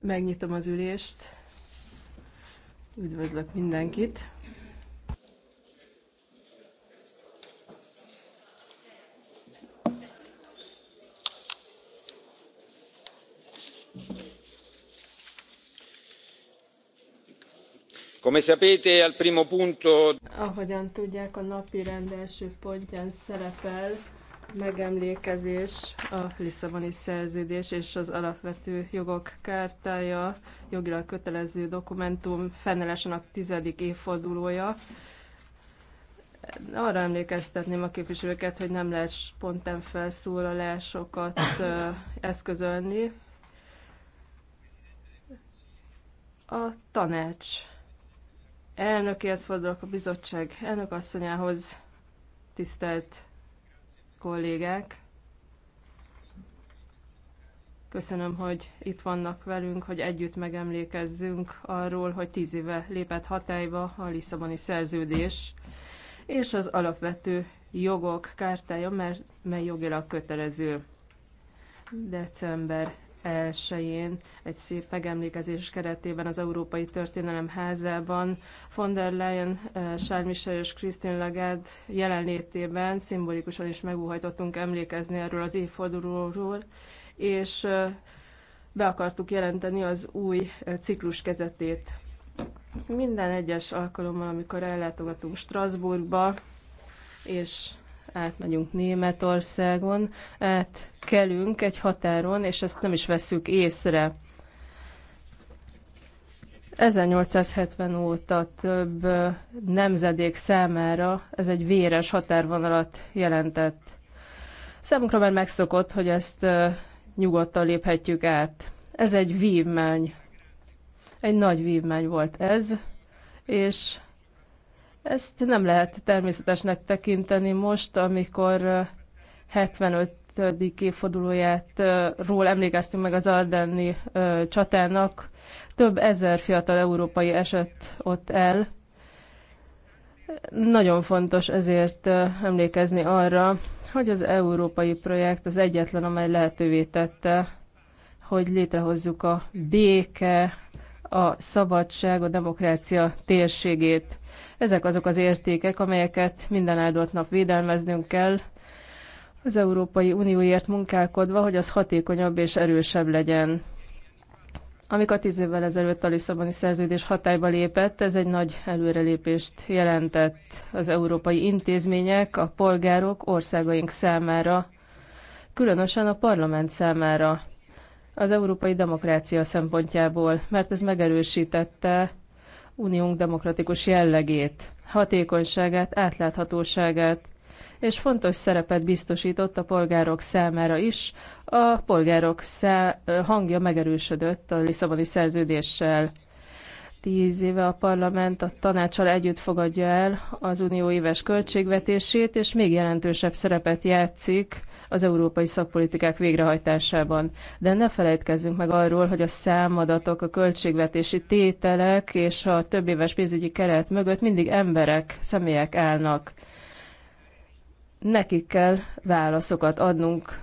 Megnyitom az ülést. Üdvözlök mindenkit. Ahogyan tudják, a napirend első pontján szerepel megemlékezés a Lisszaboni szerződés és az alapvető jogok kártája, jogilag kötelező dokumentum fennállásának tizedik évfordulója. Arra emlékeztetném a képviselőket, hogy nem lehet spontán felszólalásokat eszközölni. A tanács elnökéhez fordulok a bizottság elnökasszonyához, tisztelt kollégák! Köszönöm, hogy itt vannak velünk, hogy együtt megemlékezzünk arról, hogy tíz éve lépett hatályba a Lisszaboni szerződés és az alapvető jogok kártája, mert mely jogilag kötelező. December 1-én egy szép megemlékezés keretében az Európai Történelem Házában von der Leyen, eh, Charles Michel és Christine Lagarde jelenlétében szimbolikusan is megúhajtottunk emlékezni erről az évfordulóról, és eh, be akartuk jelenteni az új eh, ciklus kezetét. Minden egyes alkalommal, amikor ellátogatunk Strasbourgba, és átmegyünk Németországon, átkelünk egy határon, és ezt nem is vesszük észre. 1870 óta több nemzedék számára ez egy véres határvonalat jelentett. Számunkra már megszokott, hogy ezt nyugodtan léphetjük át. Ez egy vívmány. Egy nagy vívmány volt ez, és ezt nem lehet természetesnek tekinteni most, amikor 75 évfordulóját ról emlékeztünk meg az Ardenni csatának. Több ezer fiatal európai esett ott el. Nagyon fontos ezért emlékezni arra, hogy az európai projekt az egyetlen, amely lehetővé tette, hogy létrehozzuk a béke a szabadság, a demokrácia térségét. Ezek azok az értékek, amelyeket minden áldott nap védelmeznünk kell, az Európai Unióért munkálkodva, hogy az hatékonyabb és erősebb legyen. Amikor tíz évvel ezelőtt a Lisszaboni szerződés hatályba lépett, ez egy nagy előrelépést jelentett az európai intézmények, a polgárok, országaink számára, különösen a parlament számára az európai demokrácia szempontjából, mert ez megerősítette uniónk demokratikus jellegét, hatékonyságát, átláthatóságát, és fontos szerepet biztosított a polgárok számára is. A polgárok szá- hangja megerősödött a Lisszaboni szerződéssel tíz éve a parlament a tanácsal együtt fogadja el az unió éves költségvetését, és még jelentősebb szerepet játszik az európai szakpolitikák végrehajtásában. De ne felejtkezzünk meg arról, hogy a számadatok, a költségvetési tételek és a több éves pénzügyi keret mögött mindig emberek, személyek állnak. Nekik kell válaszokat adnunk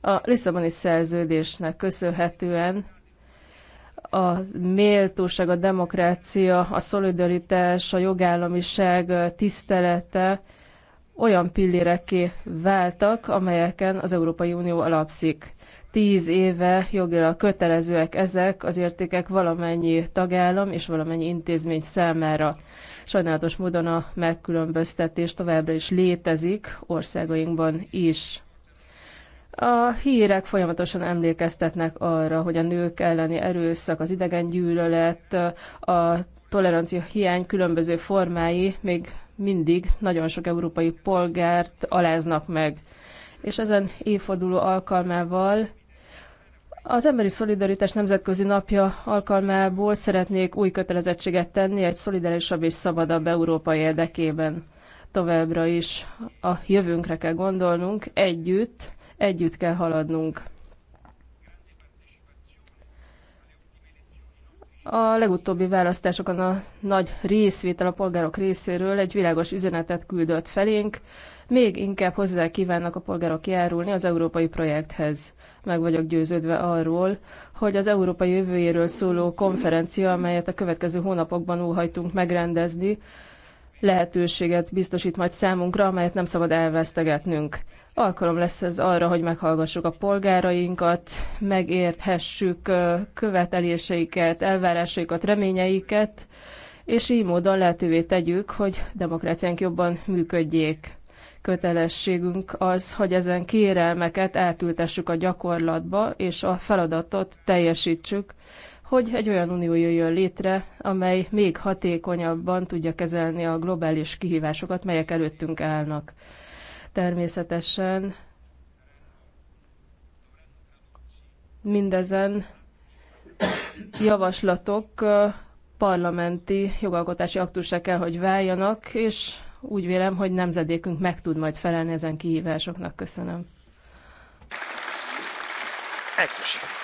a Lisszaboni szerződésnek köszönhetően, a méltóság, a demokrácia, a szolidaritás, a jogállamiság tisztelete olyan pilléreké váltak, amelyeken az Európai Unió alapszik. Tíz éve jogilag kötelezőek ezek az értékek valamennyi tagállam és valamennyi intézmény számára. Sajnálatos módon a megkülönböztetés továbbra is létezik országainkban is. A hírek folyamatosan emlékeztetnek arra, hogy a nők elleni erőszak, az idegen gyűlölet, a tolerancia hiány különböző formái még mindig nagyon sok európai polgárt aláznak meg. És ezen évforduló alkalmával az Emberi Szolidaritás Nemzetközi Napja alkalmából szeretnék új kötelezettséget tenni egy szolidárisabb és szabadabb Európa érdekében. Továbbra is a jövőnkre kell gondolnunk együtt, Együtt kell haladnunk. A legutóbbi választásokon a nagy részvétel a polgárok részéről egy világos üzenetet küldött felénk, még inkább hozzá kívánnak a polgárok járulni az európai projekthez. Meg vagyok győződve arról, hogy az európai jövőjéről szóló konferencia, amelyet a következő hónapokban óhajtunk megrendezni, lehetőséget biztosít majd számunkra, amelyet nem szabad elvesztegetnünk. Alkalom lesz ez arra, hogy meghallgassuk a polgárainkat, megérthessük követeléseiket, elvárásaikat, reményeiket, és így módon lehetővé tegyük, hogy demokráciánk jobban működjék. Kötelességünk az, hogy ezen kérelmeket átültessük a gyakorlatba, és a feladatot teljesítsük, hogy egy olyan unió jöjjön létre, amely még hatékonyabban tudja kezelni a globális kihívásokat, melyek előttünk állnak. Természetesen mindezen javaslatok parlamenti jogalkotási aktusra kell, hogy váljanak, és úgy vélem, hogy nemzedékünk meg tud majd felelni ezen kihívásoknak. Köszönöm. köszönöm.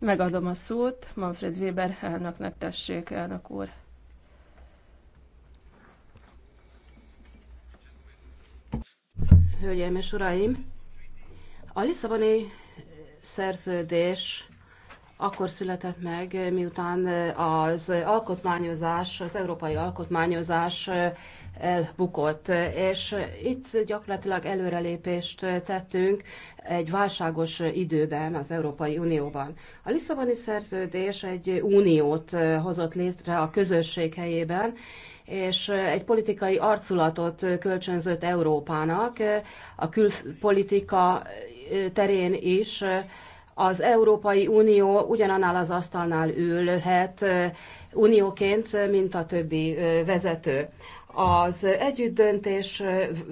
Megadom a szót Manfred Weber elnöknek, tessék, elnök úr. Hölgyeim és uraim! A Lisszaboni eh, szerződés akkor született meg, miután eh, az alkotmányozás, az európai alkotmányozás eh, elbukott, és itt gyakorlatilag előrelépést tettünk egy válságos időben az Európai Unióban. A Lisszaboni szerződés egy uniót hozott létre a közösség helyében, és egy politikai arculatot kölcsönzött Európának a külpolitika terén is. Az Európai Unió ugyanannál az asztalnál ülhet unióként, mint a többi vezető. Az együttdöntés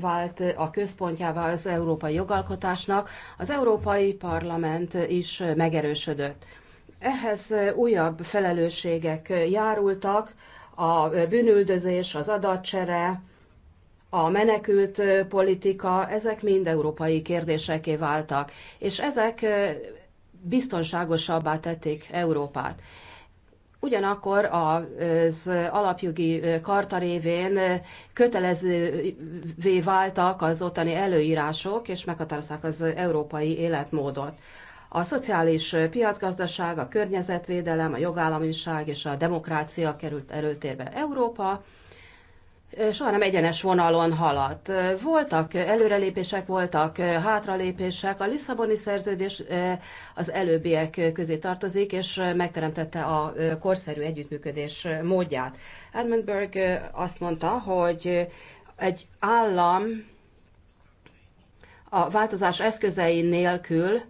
vált a központjává az európai jogalkotásnak, az Európai Parlament is megerősödött. Ehhez újabb felelősségek járultak, a bűnüldözés, az adatcsere, a menekült politika, ezek mind európai kérdéseké váltak, és ezek biztonságosabbá tették Európát. Ugyanakkor az alapjogi karta révén kötelezővé váltak az ottani előírások, és meghatározták az európai életmódot. A szociális piacgazdaság, a környezetvédelem, a jogállamiság és a demokrácia került előtérbe Európa, soha nem egyenes vonalon haladt. Voltak előrelépések, voltak hátralépések. A Lisszaboni szerződés az előbbiek közé tartozik, és megteremtette a korszerű együttműködés módját. Edmund Berg azt mondta, hogy egy állam a változás eszközei nélkül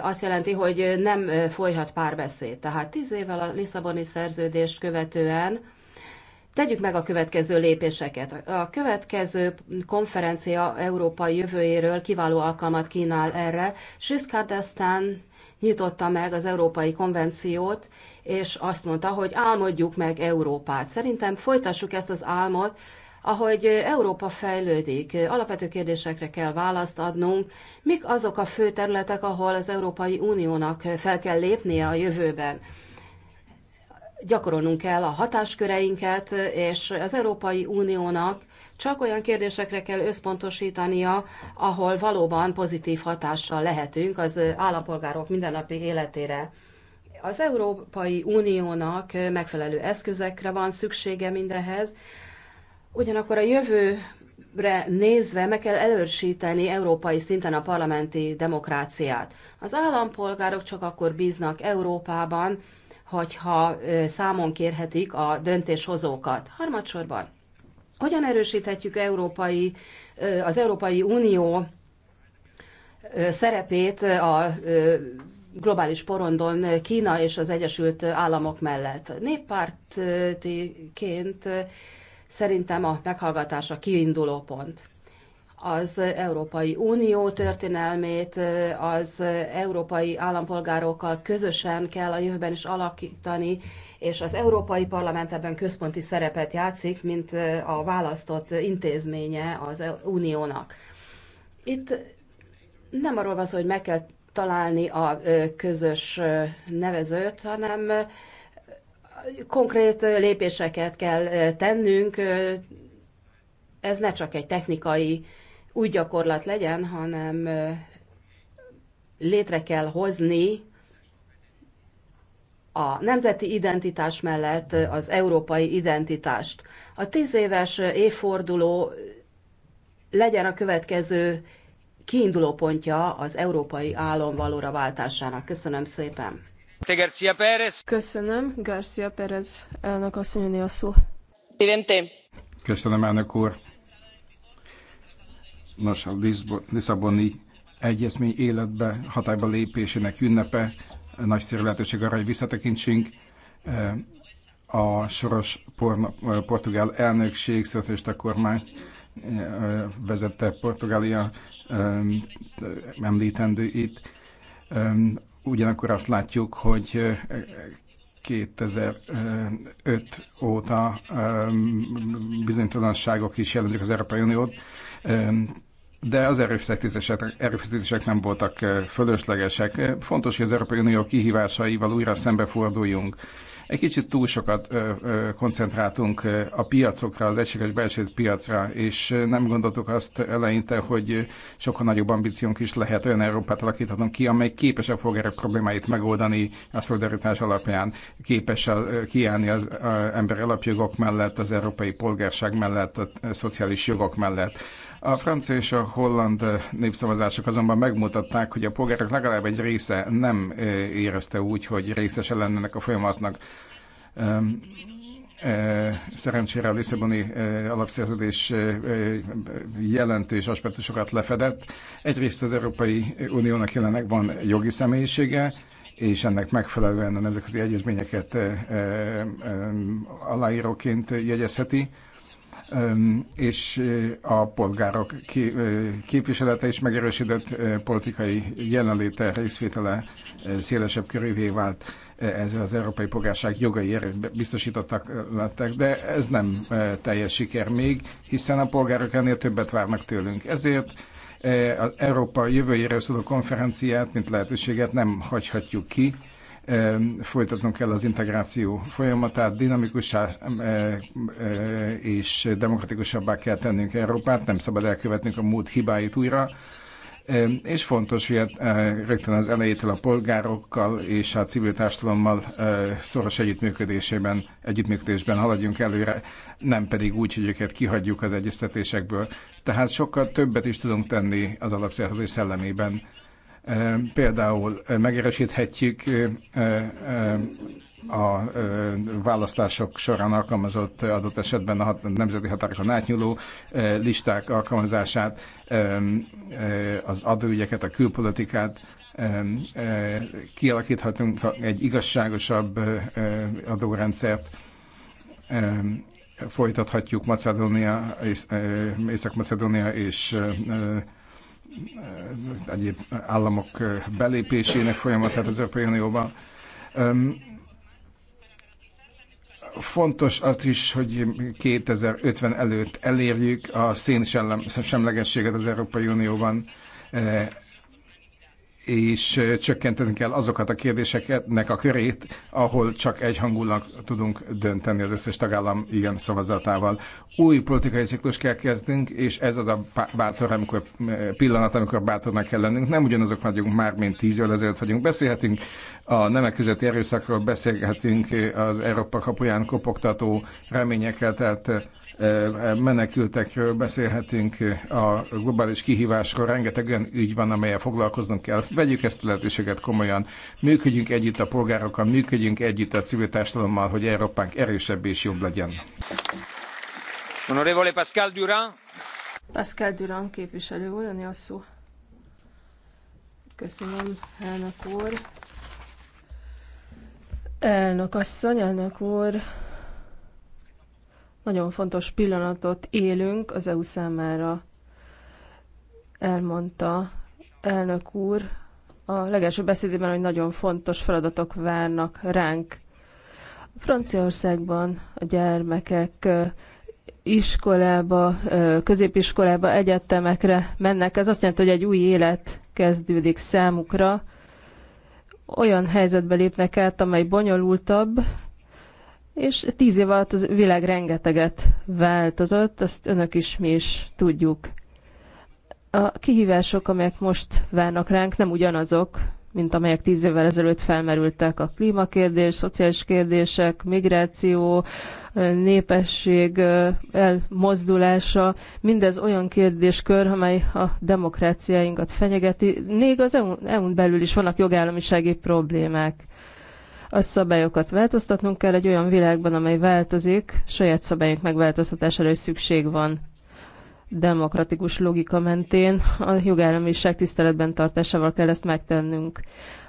azt jelenti, hogy nem folyhat párbeszéd. Tehát tíz évvel a Lisszaboni szerződést követően Tegyük meg a következő lépéseket. A következő konferencia Európa jövőjéről kiváló alkalmat kínál erre. Giscard nyitotta meg az Európai Konvenciót, és azt mondta, hogy álmodjuk meg Európát. Szerintem folytassuk ezt az álmot, ahogy Európa fejlődik, alapvető kérdésekre kell választ adnunk, mik azok a fő területek, ahol az Európai Uniónak fel kell lépnie a jövőben gyakorolnunk kell a hatásköreinket, és az Európai Uniónak csak olyan kérdésekre kell összpontosítania, ahol valóban pozitív hatással lehetünk az állampolgárok mindennapi életére. Az Európai Uniónak megfelelő eszközekre van szüksége mindehez, ugyanakkor a jövőre nézve meg kell elősíteni európai szinten a parlamenti demokráciát. Az állampolgárok csak akkor bíznak Európában, hogyha számon kérhetik a döntéshozókat. Harmadsorban, hogyan erősíthetjük európai, az Európai Unió szerepét a globális porondon Kína és az Egyesült Államok mellett. Néppártként szerintem a meghallgatás a kiinduló pont az Európai Unió történelmét, az európai állampolgárokkal közösen kell a jövőben is alakítani, és az Európai Parlament ebben központi szerepet játszik, mint a választott intézménye az Uniónak. Itt nem arról van szó, hogy meg kell találni a közös nevezőt, hanem konkrét lépéseket kell tennünk, ez ne csak egy technikai új gyakorlat legyen, hanem létre kell hozni a nemzeti identitás mellett az európai identitást. A tíz éves évforduló legyen a következő kiinduló pontja az európai álom valóra váltásának. Köszönöm szépen. García Pérez. Köszönöm, García Pérez elnök asszonyoni a szó. Köszönöm, elnök úr. Nos, a Lisszaboni egyezmény életbe, hatályba lépésének ünnepe, nagyszerű lehetőség arra, hogy visszatekintsünk eh, a soros porno, portugál elnökség, szocialista kormány eh, vezette Portugália eh, említendő itt. Ugyanakkor azt látjuk, hogy 2005 óta bizonytalanságok is jelentik az Európai Uniót de az erőfeszítések, erőfeszítések nem voltak fölöslegesek. Fontos, hogy az Európai Unió kihívásaival újra szembeforduljunk. Egy kicsit túl sokat koncentráltunk a piacokra, az egységes belső piacra, és nem gondoltuk azt eleinte, hogy sokkal nagyobb ambíciónk is lehet, olyan Európát alakíthatunk ki, amely képes a polgárok problémáit megoldani a szolidaritás alapján, képes kiállni az ember alapjogok mellett, az európai polgárság mellett, a szociális jogok mellett a francia és a holland eh, népszavazások azonban megmutatták, hogy a polgárok legalább egy része nem eh, érezte úgy, hogy részese lennének a folyamatnak. Ehm, eh, szerencsére a Lisszaboni alapszerződés jelentős aspektusokat lefedett. Egyrészt az Európai Uniónak jelenleg van jogi személyisége, és ennek megfelelően a nemzetközi egyezményeket aláíróként jegyezheti és a polgárok képviselete és megerősödött politikai jelenléte, részvétele szélesebb körülvé vált, ezzel az európai polgárság jogai erős biztosítottak lettek, de ez nem teljes siker még, hiszen a polgárok ennél többet várnak tőlünk. Ezért az Európa jövőjére szóló konferenciát, mint lehetőséget nem hagyhatjuk ki, folytatnunk kell az integráció folyamatát, dinamikussá e, e, és demokratikusabbá kell tennünk Európát, nem szabad elkövetnünk a múlt hibáit újra, és fontos, hogy e, rögtön az elejétől a polgárokkal és a civil társadalommal szoros együttműködésében, együttműködésben haladjunk előre, nem pedig úgy, hogy őket kihagyjuk az egyeztetésekből. Tehát sokkal többet is tudunk tenni az alapszerződés szellemében Például megerősíthetjük a választások során alkalmazott adott esetben a nemzeti határokon átnyúló listák alkalmazását, az adóügyeket, a külpolitikát, kialakíthatunk egy igazságosabb adórendszert, folytathatjuk Macedónia, Észak-Macedónia és egyéb államok belépésének folyamatát az Európai Unióban Fontos az is, hogy 2050 előtt elérjük a szénsemlegességet az Európai Unióban és csökkenteni kell azokat a kérdéseknek a körét, ahol csak egyhangulag tudunk dönteni az összes tagállam igen szavazatával. Új politikai ciklus kell kezdünk, és ez az a bátor amikor, pillanat, amikor bátornak kell lennünk. Nem ugyanazok vagyunk már, mint tíz évvel ezelőtt vagyunk. Beszélhetünk a nemek közötti erőszakról, beszélhetünk az Európa kapuján kopogtató reményekkel, tehát menekültekről beszélhetünk, a globális kihívásról rengeteg olyan ügy van, amelyel foglalkoznunk kell. Vegyük ezt a lehetőséget komolyan, működjünk együtt a polgárokkal, működjünk együtt a civil társadalommal, hogy Európánk erősebb és jobb legyen. Honorevole Pascal Durand. Pascal Durand képviselő úr, a szó. Köszönöm, elnök úr. Elnök asszony, elnök úr, nagyon fontos pillanatot élünk az EU számára, elmondta elnök úr a legelső beszédében, hogy nagyon fontos feladatok várnak ránk. Franciaországban a gyermekek iskolába, középiskolába, egyetemekre mennek. Ez azt jelenti, hogy egy új élet kezdődik számukra. Olyan helyzetbe lépnek át, amely bonyolultabb, és tíz év alatt a világ rengeteget változott, azt önök is, mi is tudjuk. A kihívások, amelyek most várnak ránk, nem ugyanazok, mint amelyek tíz évvel ezelőtt felmerültek a klímakérdés, szociális kérdések, migráció, népesség elmozdulása. Mindez olyan kérdéskör, amely a demokráciáinkat fenyegeti. Még az EU-n belül is vannak jogállamisági problémák. A szabályokat változtatnunk kell egy olyan világban, amely változik, saját szabályunk megváltoztatására is szükség van demokratikus logika mentén a jogállamiság tiszteletben tartásával kell ezt megtennünk.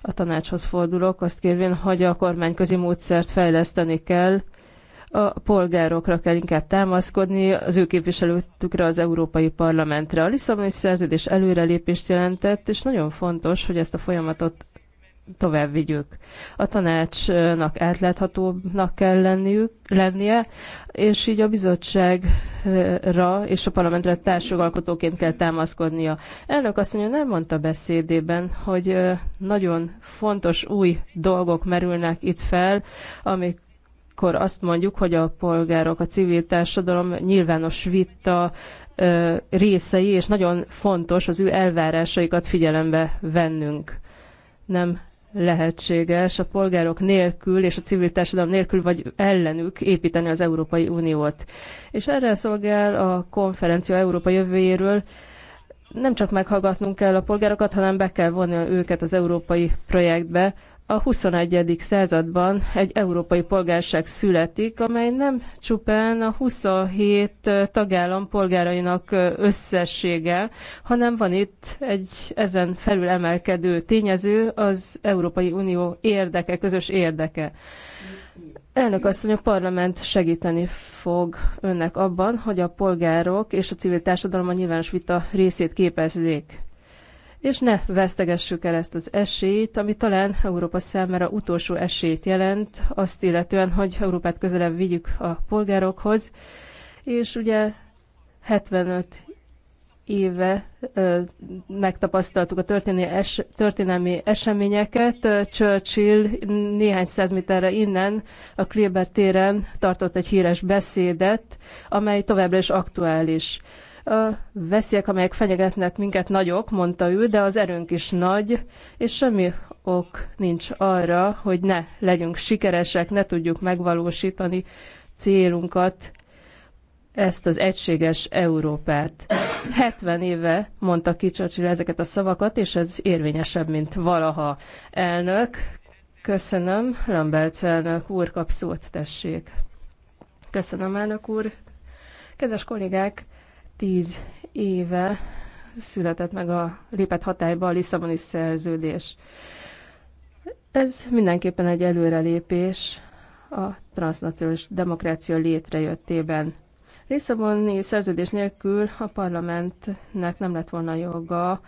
A tanácshoz fordulok, azt kérvén, hogy a kormányközi módszert fejleszteni kell, a polgárokra kell inkább támaszkodni, az ő képviselőtükre az Európai Parlamentre. A Lisszaboni szerződés előrelépést jelentett, és nagyon fontos, hogy ezt a folyamatot tovább vigyük. A tanácsnak átláthatóbbnak kell lenniük, lennie, és így a bizottságra és a parlamentre társjogalkotóként kell támaszkodnia. Elnök azt mondja, nem mondta beszédében, hogy nagyon fontos új dolgok merülnek itt fel, amik akkor azt mondjuk, hogy a polgárok, a civil társadalom nyilvános vita ö, részei, és nagyon fontos az ő elvárásaikat figyelembe vennünk. Nem lehetséges a polgárok nélkül és a civil társadalom nélkül vagy ellenük építeni az Európai Uniót. És erre szolgál a konferencia Európa jövőjéről. Nem csak meghallgatnunk kell a polgárokat, hanem be kell vonni őket az európai projektbe, a 21. században egy európai polgárság születik, amely nem csupán a 27 tagállam polgárainak összessége, hanem van itt egy ezen felül emelkedő tényező, az Európai Unió érdeke, közös érdeke. Elnök asszony, a parlament segíteni fog önnek abban, hogy a polgárok és a civil társadalom a nyilvános vita részét képezzék és ne vesztegessük el ezt az esélyt, ami talán Európa számára utolsó esélyt jelent, azt illetően, hogy Európát közelebb vigyük a polgárokhoz, és ugye 75 éve ö, megtapasztaltuk a történelmi, es, történelmi eseményeket. Churchill néhány száz méterre innen a Kleber téren tartott egy híres beszédet, amely továbbra is aktuális. A veszélyek, amelyek fenyegetnek minket nagyok, mondta ő, de az erőnk is nagy, és semmi ok nincs arra, hogy ne legyünk sikeresek, ne tudjuk megvalósítani célunkat, ezt az egységes Európát. 70 éve mondta Kicsacsira ezeket a szavakat, és ez érvényesebb, mint valaha. Elnök, köszönöm. Lambert elnök úr kap szót, tessék. Köszönöm, elnök úr. Kedves kollégák, tíz éve született meg a lépett hatályba a Lisszaboni szerződés. Ez mindenképpen egy előrelépés a transznacionális demokrácia létrejöttében. Lisszaboni szerződés nélkül a parlamentnek nem lett volna joga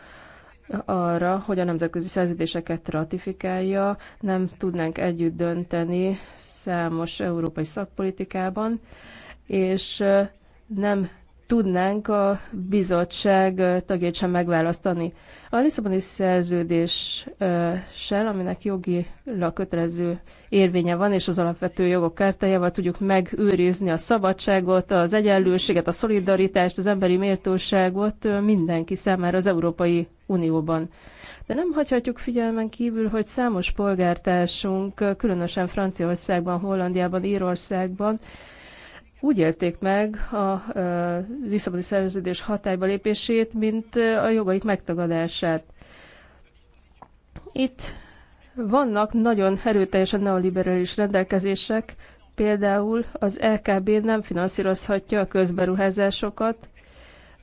arra, hogy a nemzetközi szerződéseket ratifikálja, nem tudnánk együtt dönteni számos európai szakpolitikában, és nem tudnánk a bizottság tagjait sem megválasztani. A Lisszaboni szerződéssel, aminek jogi kötelező érvénye van, és az alapvető jogok kártájával tudjuk megőrizni a szabadságot, az egyenlőséget, a szolidaritást, az emberi méltóságot mindenki számára az Európai Unióban. De nem hagyhatjuk figyelmen kívül, hogy számos polgártársunk, különösen Franciaországban, Hollandiában, Írországban, úgy élték meg a Lisszaboni szerződés hatályba lépését, mint a jogaik megtagadását. Itt vannak nagyon erőteljesen neoliberális rendelkezések, például az LKB nem finanszírozhatja a közberuházásokat,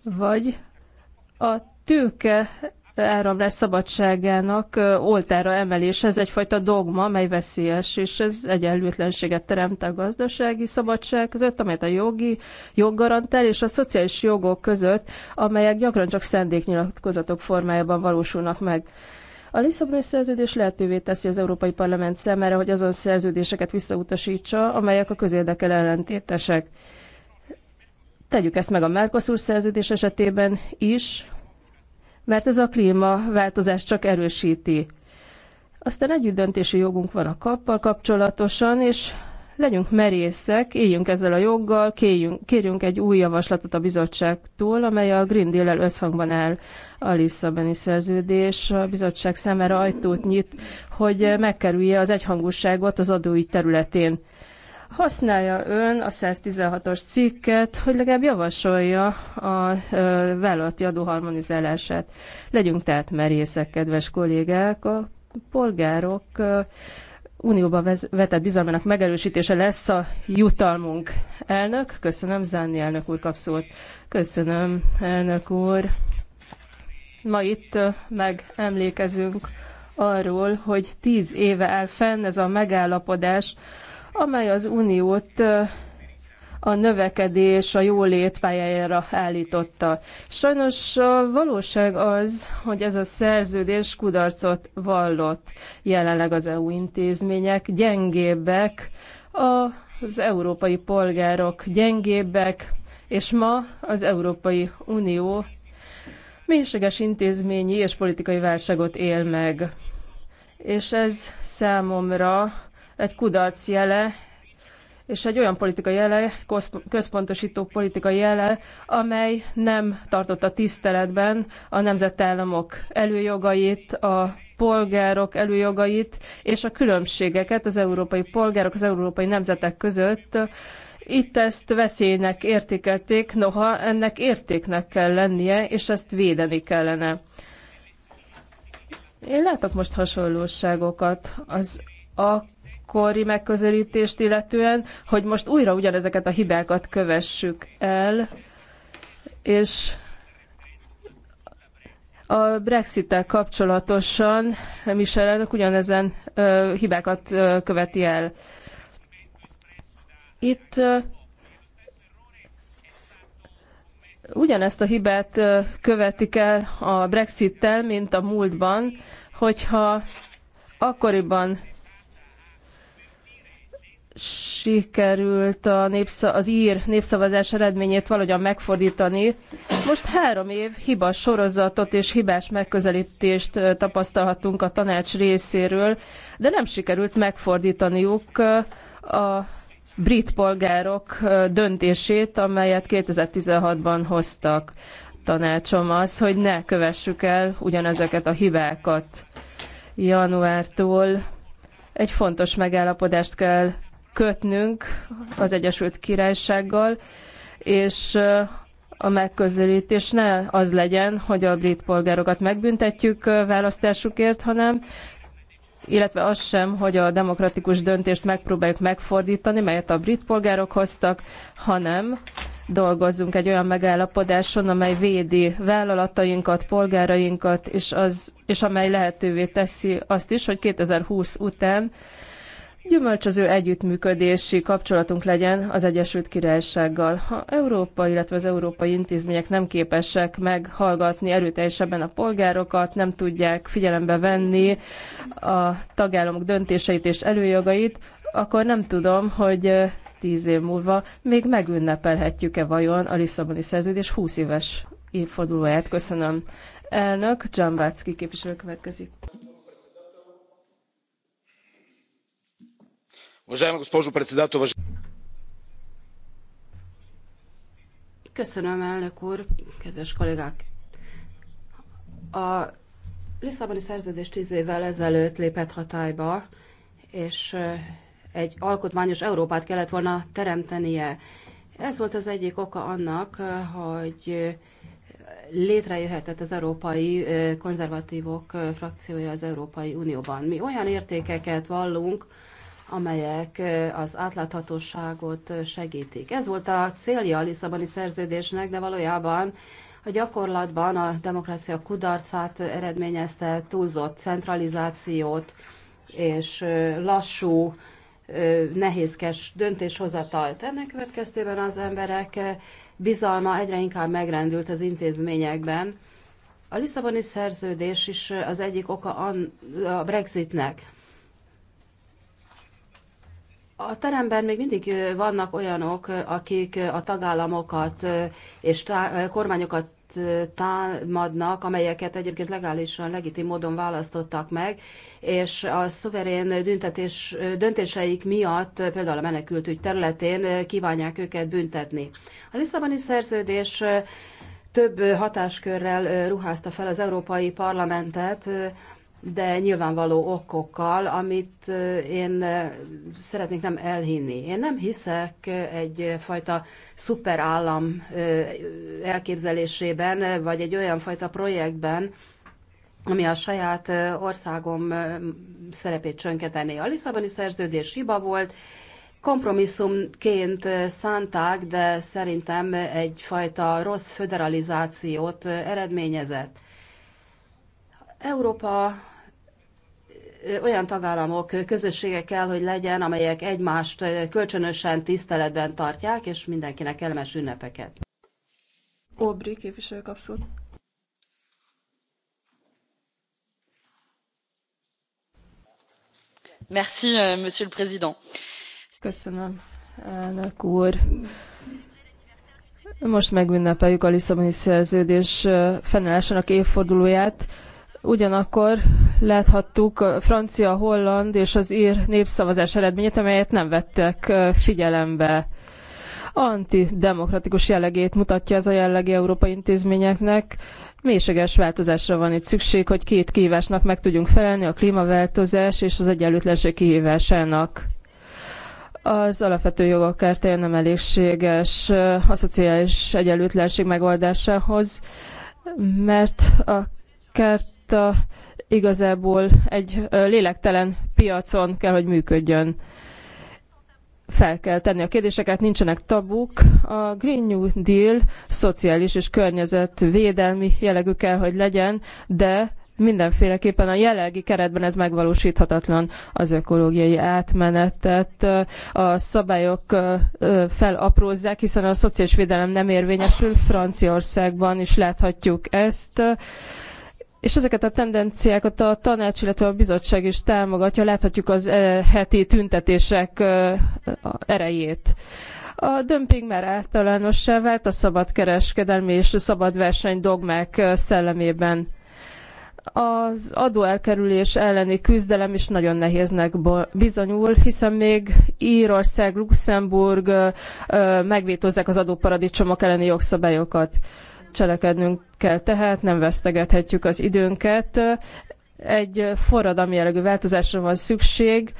vagy a tőke áramlás szabadságának oltára emelés. Ez egyfajta dogma, mely veszélyes, és ez egyenlőtlenséget teremt a gazdasági szabadság között, amelyet a jogi jog garantál, és a szociális jogok között, amelyek gyakran csak szendéknyilatkozatok formájában valósulnak meg. A Lisszaboni szerződés lehetővé teszi az Európai Parlament számára, hogy azon szerződéseket visszautasítsa, amelyek a közérdekel ellentétesek. Tegyük ezt meg a Mercosur szerződés esetében is, mert ez a klímaváltozás csak erősíti. Aztán együtt döntési jogunk van a kappal kapcsolatosan, és legyünk merészek, éljünk ezzel a joggal, kérjünk, kérjünk egy új javaslatot a bizottságtól, amely a Green Deal-el összhangban áll a Lisszabeni szerződés. A bizottság számára ajtót nyit, hogy megkerülje az egyhangúságot az adói területén. Használja ön a 116-os cikket, hogy legalább javasolja a vállalati adóharmonizálását. Legyünk tehát merészek, kedves kollégák, a polgárok unióba vetett bizalmának megerősítése lesz a jutalmunk. Elnök, köszönöm, Zánni elnök úr kap szót. Köszönöm, elnök úr. Ma itt megemlékezünk arról, hogy tíz éve áll fenn ez a megállapodás, amely az uniót a növekedés, a jólét pályájára állította. Sajnos a valóság az, hogy ez a szerződés kudarcot vallott. Jelenleg az EU intézmények gyengébbek, az európai polgárok gyengébbek, és ma az Európai Unió mélységes intézményi és politikai válságot él meg. És ez számomra egy kudarc jele, és egy olyan politikai jele, központosító politikai jele, amely nem tartotta tiszteletben a nemzetállamok előjogait, a polgárok előjogait és a különbségeket az európai polgárok, az európai nemzetek között. Itt ezt veszélynek értékelték, noha ennek értéknek kell lennie, és ezt védeni kellene. Én látok most hasonlóságokat az a kori megközelítést illetően, hogy most újra ugyanezeket a hibákat kövessük el, és a brexit kapcsolatosan Michel elnök ugyanezen ö, hibákat ö, követi el. Itt ö, ugyanezt a hibát ö, követik el a Brexit-tel, mint a múltban, hogyha akkoriban sikerült a népsza- az ír népszavazás eredményét valahogyan megfordítani. Most három év hibas sorozatot és hibás megközelítést tapasztalhatunk a tanács részéről, de nem sikerült megfordítaniuk a brit polgárok döntését, amelyet 2016-ban hoztak. Tanácsom az, hogy ne kövessük el ugyanezeket a hibákat januártól. Egy fontos megállapodást kell kötnünk az Egyesült Királysággal, és a megközelítés ne az legyen, hogy a brit polgárokat megbüntetjük választásukért, hanem illetve az sem, hogy a demokratikus döntést megpróbáljuk megfordítani, melyet a brit polgárok hoztak, hanem dolgozzunk egy olyan megállapodáson, amely védi vállalatainkat, polgárainkat, és, az, és amely lehetővé teszi azt is, hogy 2020 után gyümölcsöző együttműködési kapcsolatunk legyen az Egyesült Királysággal. Ha Európa, illetve az európai intézmények nem képesek meghallgatni erőteljesebben a polgárokat, nem tudják figyelembe venni a tagállamok döntéseit és előjogait, akkor nem tudom, hogy eh, tíz év múlva még megünnepelhetjük-e vajon a Lisszaboni szerződés 20 éves évfordulóját. Köszönöm. Elnök Dzsambácki képviselő következik. Уважаема госпожо председател, Köszönöm, elnök úr, kedves kollégák! A Lisszaboni szerződés tíz évvel ezelőtt lépett hatályba, és eh, egy alkotmányos Európát kellett volna teremtenie. Ez volt az egyik oka annak, eh, hogy eh, létrejöhetett az európai konzervatívok frakciója az Európai Unióban. Mi olyan értékeket vallunk, amelyek az átláthatóságot segítik. Ez volt a célja a Lisszaboni szerződésnek, de valójában a gyakorlatban a demokrácia kudarcát eredményezte, túlzott centralizációt és lassú, nehézkes döntéshozatalt. Ennek következtében az emberek bizalma egyre inkább megrendült az intézményekben. A Lisszaboni szerződés is az egyik oka a Brexitnek. A teremben még mindig vannak olyanok, akik a tagállamokat és tá- kormányokat támadnak, amelyeket egyébként legálisan, legitim módon választottak meg, és a szuverén düntetés, döntéseik miatt, például a menekültügy területén kívánják őket büntetni. A Lisszaboni szerződés több hatáskörrel ruházta fel az Európai Parlamentet, de nyilvánvaló okokkal, amit én szeretnék nem elhinni. Én nem hiszek egyfajta szuperállam elképzelésében, vagy egy olyan fajta projektben, ami a saját országom szerepét csönketené. A Lisszaboni szerződés hiba volt, kompromisszumként szánták, de szerintem egyfajta rossz föderalizációt eredményezett. Európa olyan tagállamok, közösségek kell, hogy legyen, amelyek egymást kölcsönösen tiszteletben tartják, és mindenkinek kellemes ünnepeket. Obri képviselő kapszót. Merci, euh, monsieur le président. Köszönöm, elnök úr. Most megünnepeljük a Lisszaboni szerződés fennállásának évfordulóját. Ugyanakkor láthattuk a francia, holland és az ír népszavazás eredményét, amelyet nem vettek figyelembe. Antidemokratikus jellegét mutatja ez a jellegi európai intézményeknek. Mélységes változásra van itt szükség, hogy két kihívásnak meg tudjunk felelni, a klímaváltozás és az egyenlőtlenség kihívásának az alapvető jogok kártája nem elégséges a szociális egyenlőtlenség megoldásához, mert a kert piacra igazából egy lélektelen piacon kell, hogy működjön. Fel kell tenni a kérdéseket, nincsenek tabuk. A Green New Deal szociális és környezetvédelmi jellegű kell, hogy legyen, de mindenféleképpen a jelenlegi keretben ez megvalósíthatatlan az ökológiai átmenetet. A szabályok felaprózzák, hiszen a szociális védelem nem érvényesül Franciaországban is láthatjuk ezt és ezeket a tendenciákat a tanács, illetve a bizottság is támogatja, láthatjuk az eh, heti tüntetések eh, erejét. A dömping már általánossá vált a szabad kereskedelmi és szabad verseny dogmák eh, szellemében. Az adóelkerülés elleni küzdelem is nagyon nehéznek bizonyul, hiszen még Írország, Luxemburg megvétózzák az adóparadicsomok elleni jogszabályokat. Cselekednünk kell tehát, nem vesztegethetjük az időnket. Egy forradalmi jellegű változásra van szükség,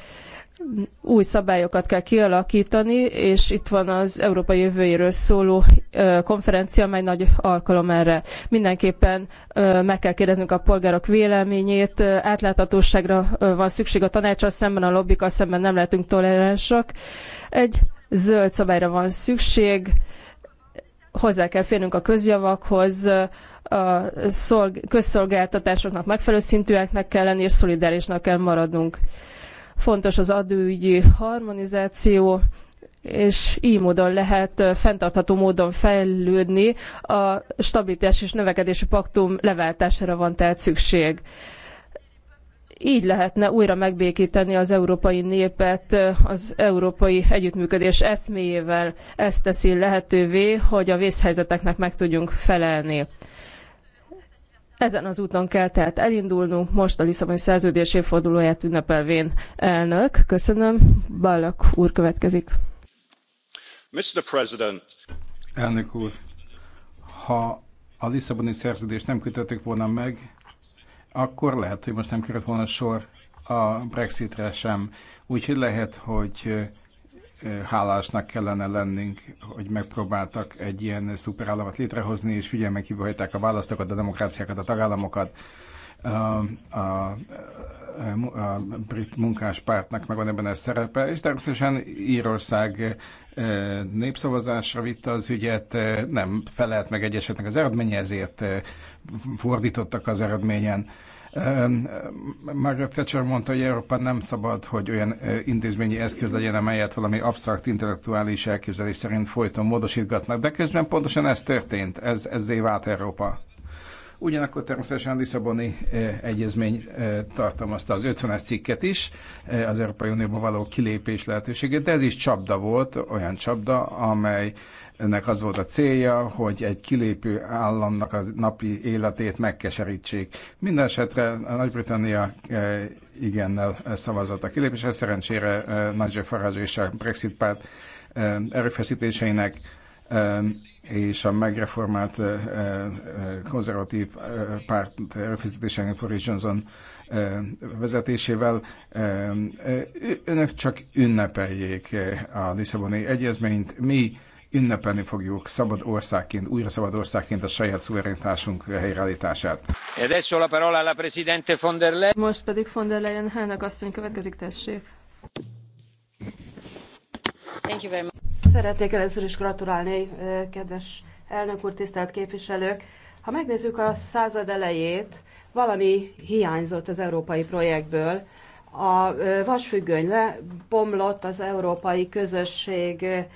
új szabályokat kell kialakítani, és itt van az Európai Jövőjéről szóló konferencia, amely nagy alkalom erre. Mindenképpen meg kell kérdeznünk a polgárok véleményét, átláthatóságra van szükség a tanácsal szemben, a lobbikkal szemben nem lehetünk toleránsak. Egy zöld szabályra van szükség, hozzá kell férnünk a közjavakhoz, a közszolgáltatásoknak megfelelő szintűeknek kell lenni, és szolidárisnak kell maradnunk. Fontos az adóügyi harmonizáció, és így módon lehet fenntartható módon fejlődni. A stabilitás és növekedési paktum leváltására van tehát szükség így lehetne újra megbékíteni az európai népet eh, az európai együttműködés eszméjével. Ez teszi lehetővé, hogy a vészhelyzeteknek meg tudjunk felelni. Ezen az úton kell tehát elindulnunk, most a Lisszaboni szerződés évfordulóját ünnepelvén elnök. Köszönöm. Balak úr következik. Mr. President. Elnök úr, ha a Lisszaboni szerződést nem kötöttük volna meg, akkor lehet, hogy most nem került volna sor a Brexitre sem. Úgyhogy lehet, hogy hálásnak kellene lennünk, hogy megpróbáltak egy ilyen szuperállamot létrehozni, és figyelmen kívül hagyták a választókat, a demokráciákat, a tagállamokat. A, a, a brit munkáspártnak megvan ebben a szerepe, és természetesen Írország népszavazásra vitte az ügyet, nem felelt meg egyeseknek az eredménye, ezért fordítottak az eredményen. Margaret Thatcher mondta, hogy Európa nem szabad, hogy olyan intézményi eszköz legyen, amelyet valami absztrakt intellektuális elképzelés szerint folyton módosítgatnak, de közben pontosan ez történt, ez, ezzé vált Európa. Ugyanakkor természetesen a Lisszaboni egyezmény tartalmazta az 50-es cikket is, az Európai Unióban való kilépés lehetőségét, de ez is csapda volt, olyan csapda, amely ennek az volt a célja, hogy egy kilépő államnak a napi életét megkeserítsék. Mindenesetre a Nagy-Britannia e, igennel szavazott a kilépésre. Szerencsére e, Nigel Farage és a Brexit párt e, erőfeszítéseinek és a megreformált konzervatív párt erőfeszítéseinek Boris Johnson vezetésével önök csak ünnepeljék a Lisszaboni Egyezményt. Mi ünnepelni fogjuk szabad országként, újra szabad országként a saját szuverenitásunk helyreállítását. Presidente Most pedig von der Leyen Hának asszony következik, tessék. Thank you very much. Szeretnék először is gratulálni, kedves elnök úr, tisztelt képviselők. Ha megnézzük a század elejét, valami hiányzott az európai projektből. A vasfüggöny lebomlott, az európai közösség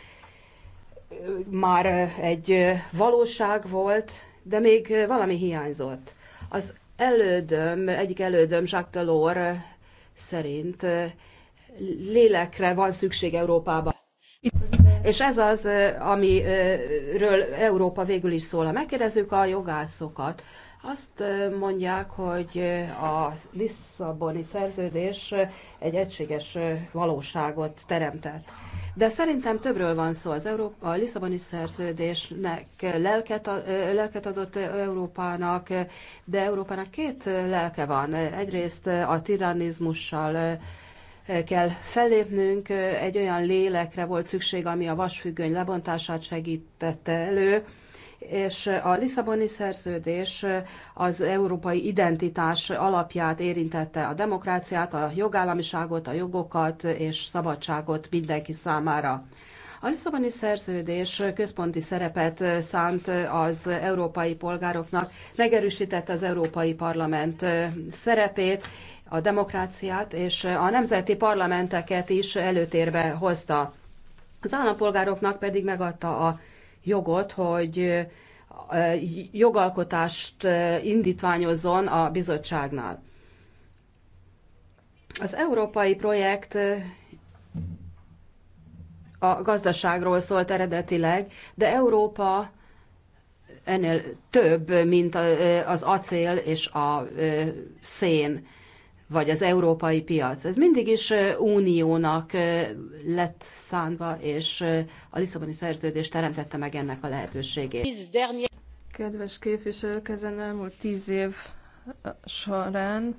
már egy valóság volt, de még valami hiányzott. Az elődöm, egyik elődöm, Jacques Delors szerint lélekre van szükség Európában. És ez az, amiről Európa végül is szól. Ha megkérdezzük a jogászokat, azt mondják, hogy a Lisszaboni szerződés egy egységes valóságot teremtett. De szerintem többről van szó. Az Európa, a Lisszaboni szerződésnek lelket, lelket adott Európának, de Európának két lelke van. Egyrészt a tiranizmussal eh, kell fellépnünk, egy olyan lélekre volt szükség, ami a vasfüggöny lebontását segítette elő, és a Lisszaboni szerződés az európai identitás alapját érintette a demokráciát, a jogállamiságot, a jogokat és szabadságot mindenki számára. A Lisszaboni szerződés központi szerepet szánt az európai polgároknak, megerősítette az Európai Parlament szerepét, a demokráciát és a nemzeti parlamenteket is előtérbe hozta. Az állampolgároknak pedig megadta a jogot, hogy jogalkotást indítványozzon a bizottságnál. Az európai projekt a gazdaságról szólt eredetileg, de Európa ennél több, mint az acél és a szén vagy az európai piac. Ez mindig is uniónak lett szánva, és a Lisszaboni szerződés teremtette meg ennek a lehetőségét. Kedves képviselők, ezen elmúlt tíz év során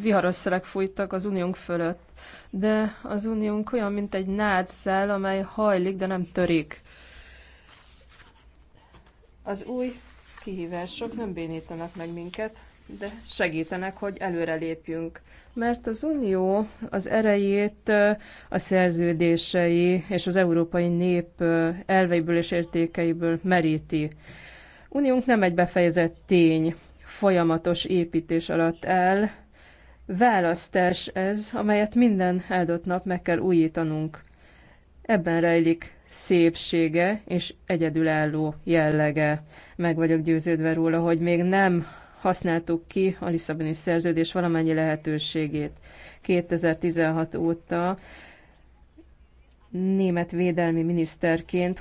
viharos szerek fújtak az uniónk fölött. De az uniónk olyan, mint egy nádszel, amely hajlik, de nem törik. Az új kihívások nem bénítanak meg minket, de segítenek, hogy előrelépjünk. Mert az Unió az erejét a szerződései és az európai nép elveiből és értékeiből meríti. Uniónk nem egy befejezett tény, folyamatos építés alatt áll. Választás ez, amelyet minden eldott nap meg kell újítanunk. Ebben rejlik szépsége és egyedülálló jellege. Meg vagyok győződve róla, hogy még nem használtuk ki a Lisszaboni szerződés valamennyi lehetőségét 2016 óta. Német védelmi miniszterként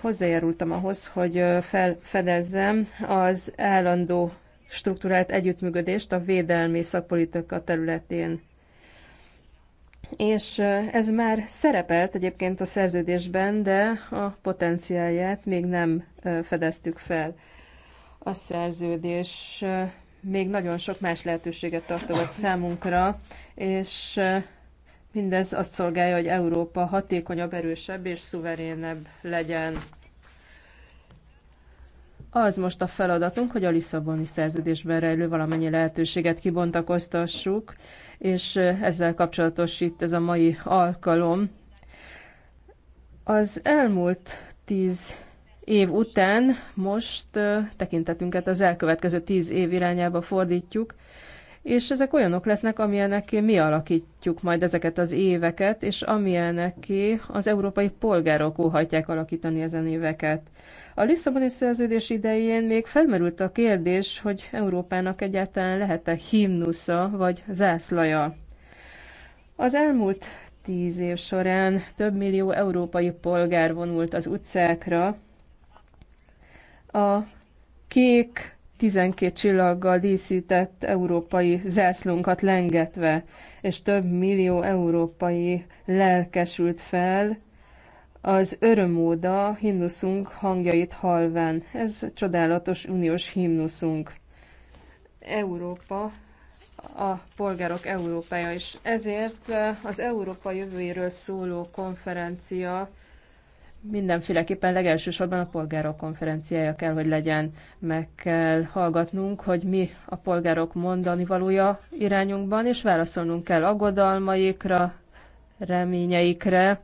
hozzájárultam ahhoz, hogy felfedezzem az állandó struktúrált együttműködést a védelmi szakpolitika területén. És ez már szerepelt egyébként a szerződésben, de a potenciáját még nem fedeztük fel. A szerződés még nagyon sok más lehetőséget tartogat számunkra, és mindez azt szolgálja, hogy Európa hatékonyabb, erősebb és szuverénebb legyen. Az most a feladatunk, hogy a Lisszaboni szerződésben rejlő valamennyi lehetőséget kibontakoztassuk, és ezzel kapcsolatos itt ez a mai alkalom. Az elmúlt tíz év után most tekintetünket az elkövetkező tíz év irányába fordítjuk, és ezek olyanok lesznek, amilyeneké mi alakítjuk majd ezeket az éveket, és amilyeneké az európai polgárok óhatják alakítani ezen éveket. A Lisszaboni szerződés idején még felmerült a kérdés, hogy Európának egyáltalán lehet-e himnusza vagy zászlaja. Az elmúlt tíz év során több millió európai polgár vonult az utcákra, a kék 12 csillaggal díszített európai zászlónkat lengetve, és több millió európai lelkesült fel az örömóda himnuszunk hangjait halván. Ez csodálatos uniós himnuszunk. Európa a polgárok Európája, is ezért az Európa jövőjéről szóló konferencia mindenféleképpen legelsősorban a polgárok konferenciája kell, hogy legyen. Meg kell hallgatnunk, hogy mi a polgárok mondani valója irányunkban, és válaszolnunk kell aggodalmaikra, reményeikre.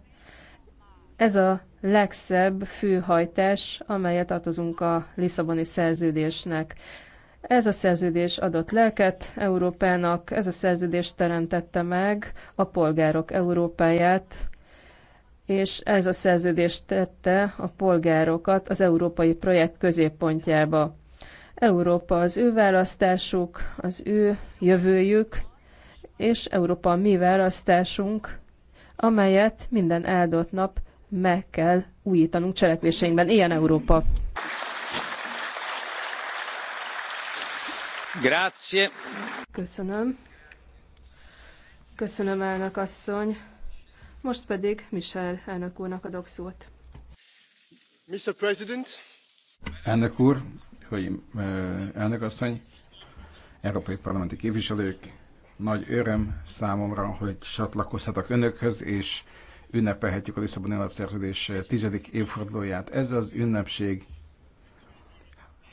Ez a legszebb főhajtás, amelyet tartozunk a Lisszaboni szerződésnek. Ez a szerződés adott lelket Európának, ez a szerződés teremtette meg a polgárok Európáját, és ez a szerződés tette a polgárokat az európai projekt középpontjába. Európa az ő választásuk, az ő jövőjük, és Európa a mi választásunk, amelyet minden áldott nap meg kell újítanunk cselekvéseinkben. Ilyen Európa! Grazie. Köszönöm. Köszönöm, elnök asszony. Most pedig Michel elnök úrnak adok szót. Mr. President. Elnök úr, hölgyeim, elnök asszony, európai parlamenti képviselők, nagy öröm számomra, hogy csatlakozhatok önökhöz, és ünnepelhetjük a Lisszaboni Alapszerződés tizedik évfordulóját. Ez az ünnepség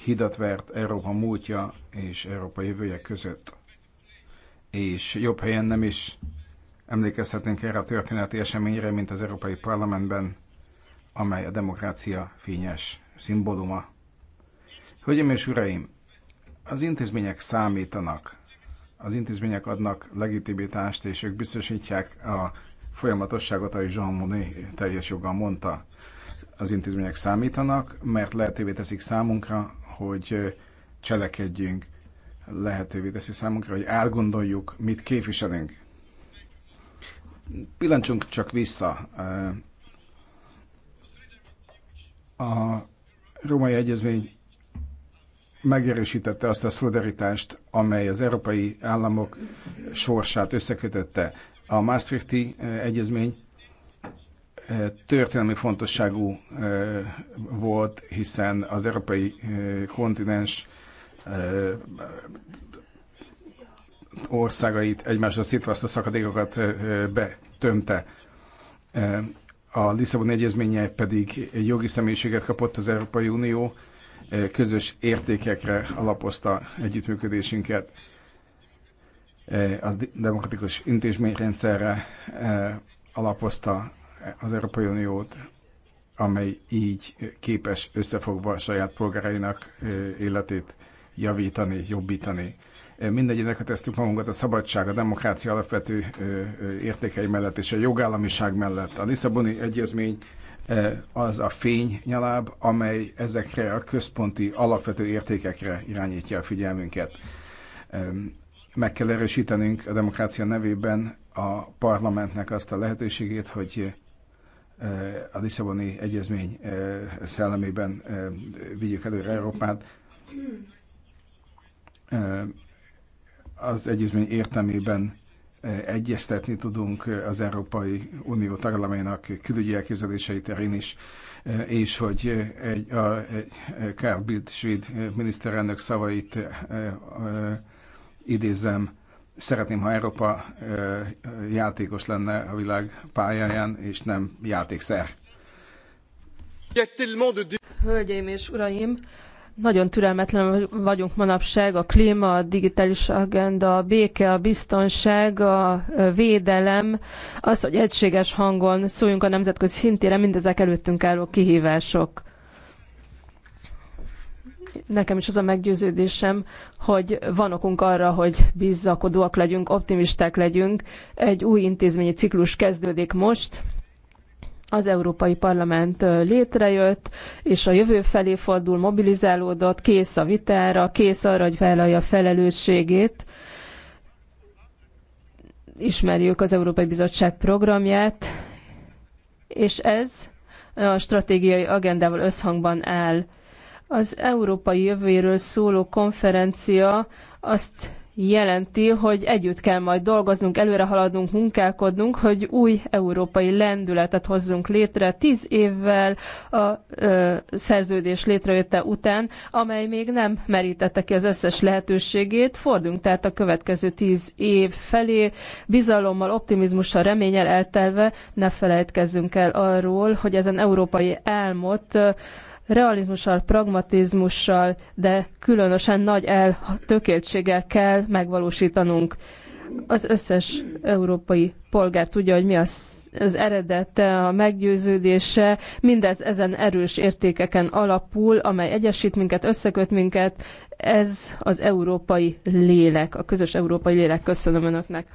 hidat vert Európa múltja és Európa jövője között. És jobb helyen nem is Emlékezhetnénk erre a történeti eseményre, mint az Európai Parlamentben, amely a demokrácia fényes szimbóluma. Hölgyeim és uraim, az intézmények számítanak, az intézmények adnak legitimitást, és ők biztosítják a folyamatosságot, ahogy Jean Monnet teljes joggal mondta. Az intézmények számítanak, mert lehetővé teszik számunkra, hogy cselekedjünk, lehetővé teszi számunkra, hogy elgondoljuk, mit képviselünk. Pillancsunk csak vissza. A római egyezmény megerősítette azt a szolidaritást, amely az európai államok sorsát összekötötte. A Maastrichti egyezmény történelmi fontosságú volt, hiszen az európai kontinens országait egymásra szétválasztó szakadékokat betömte. A Lisszabon Egyezménye pedig jogi személyiséget kapott az Európai Unió, közös értékekre alapozta együttműködésünket A demokratikus intézményrendszerre alapozta az Európai Uniót, amely így képes összefogva a saját polgárainak életét javítani, jobbítani mindegyen hát elköteleztük magunkat a szabadság, a demokrácia alapvető értékei mellett és a jogállamiság mellett. A Lisszaboni Egyezmény az a fénynyaláb, amely ezekre a központi alapvető értékekre irányítja a figyelmünket. Meg kell erősítenünk a demokrácia nevében a parlamentnek azt a lehetőségét, hogy a Lisszaboni Egyezmény szellemében vigyük előre Európát, az egyezmény értelmében eh, egyeztetni tudunk eh, az Európai Unió tagállamainak külügyi elképzelései terén is, eh, és hogy egy, a egy Carl Bildt svéd miniszterelnök szavait idézem, szeretném, ha Európa játékos lenne a világ pályáján, és nem játékszer. Hölgyeim és uraim, nagyon türelmetlen vagyunk manapság, a klíma, a digitális agenda, a béke, a biztonság, a védelem, az, hogy egységes hangon szóljunk a nemzetközi szintére, mindezek előttünk álló kihívások nekem is az a meggyőződésem, hogy van okunk arra, hogy bizzakodóak legyünk, optimisták legyünk. Egy új intézményi ciklus kezdődik most, az Európai Parlament létrejött, és a jövő felé fordul, mobilizálódott, kész a vitára, kész arra, hogy vállalja a felelősségét. Ismerjük az Európai Bizottság programját, és ez a stratégiai agendával összhangban áll. Az európai jövőről szóló konferencia azt jelenti, hogy együtt kell majd dolgoznunk, előre haladnunk, munkálkodnunk, hogy új európai lendületet hozzunk létre tíz évvel a ö, szerződés létrejötte után, amely még nem merítette ki az összes lehetőségét. Fordunk tehát a következő tíz év felé, bizalommal, optimizmussal, reményel eltelve ne felejtkezzünk el arról, hogy ezen európai álmot ö, realizmussal, pragmatizmussal, de különösen nagy eltökéltséggel kell megvalósítanunk. Az összes európai polgár tudja, hogy mi az, az eredete, a meggyőződése, mindez ezen erős értékeken alapul, amely egyesít minket, összeköt minket. Ez az európai lélek, a közös európai lélek. Köszönöm Önöknek.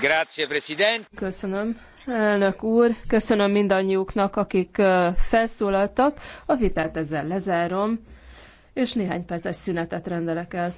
Grazie, Presidente. Köszönöm, Elnök úr, köszönöm mindannyiuknak, akik felszólaltak. A vitát ezzel lezárom, és néhány perces szünetet rendelek el.